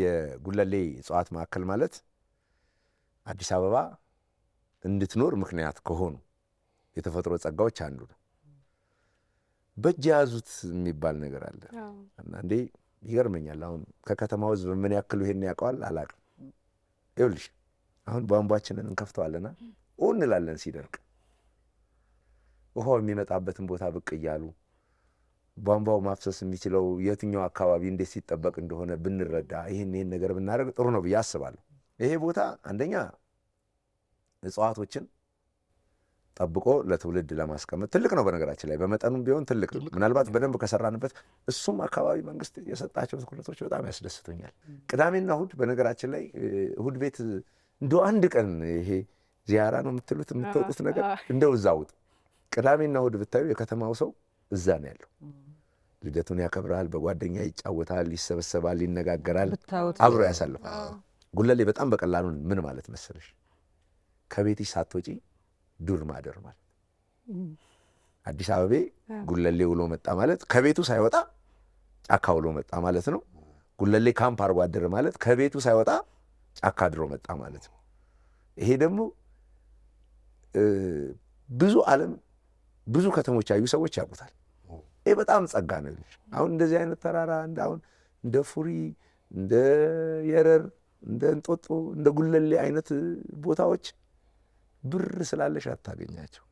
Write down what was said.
የጉለሌ እጽዋት ማዕከል ማለት አዲስ አበባ እንድትኖር ምክንያት ከሆኑ የተፈጥሮ ጸጋዎች አንዱ ነው። በእጅ የያዙት የሚባል ነገር አለ። አንዳንዴ ይገርመኛል። አሁን ከከተማ ሕዝብ በምን ያክሉ ይሄን ያውቀዋል አላቅም። ይኸውልሽ አሁን ቧንቧችንን እንከፍተዋለና እንላለን ሲደርቅ ውሃው የሚመጣበትን ቦታ ብቅ እያሉ ቧንቧው ማፍሰስ የሚችለው የትኛው አካባቢ እንዴት ሲጠበቅ እንደሆነ ብንረዳ ይህን ይህን ነገር ብናደርግ ጥሩ ነው ብዬ አስባለሁ። ይሄ ቦታ አንደኛ እጽዋቶችን ጠብቆ ለትውልድ ለማስቀመጥ ትልቅ ነው። በነገራችን ላይ በመጠኑም ቢሆን ትልቅ ነው። ምናልባት በደንብ ከሰራንበት እሱም አካባቢ መንግስት የሰጣቸው ትኩረቶች በጣም ያስደስቶኛል። ቅዳሜና እሁድ በነገራችን ላይ እሁድ ቤት እንደ አንድ ቀን ይሄ ዚያራ ነው የምትሉት የምትወጡት ነገር እንደው እዛ ውጥ ቅዳሜና እሁድ ብታዩ የከተማው ሰው እዛ ነው ያለው። ልደቱን ያከብራል፣ በጓደኛ ይጫወታል፣ ይሰበሰባል፣ ይነጋገራል፣ አብሮ ያሳልፋል። ጉለሌ በጣም በቀላሉ ምን ማለት መሰለሽ ከቤትሽ ሳትወጪ ዱር ማደር ማለት። አዲስ አበቤ ጉለሌ ውሎ መጣ ማለት ከቤቱ ሳይወጣ ጫካ ውሎ መጣ ማለት ነው። ጉለሌ ካምፕ አርጎ ማለት ከቤቱ ሳይወጣ ጫካ አድሮ መጣ ማለት ነው። ይሄ ደግሞ ብዙ ዓለም ብዙ ከተሞች ያዩ ሰዎች ያውቁታል። ይሄ በጣም ጸጋ ነገር። አሁን እንደዚህ አይነት ተራራ አሁን እንደ ፉሪ እንደ የረር እንደ እንጦጦ እንደ ጉለሌ አይነት ቦታዎች ብር ስላለሽ አታገኛቸው።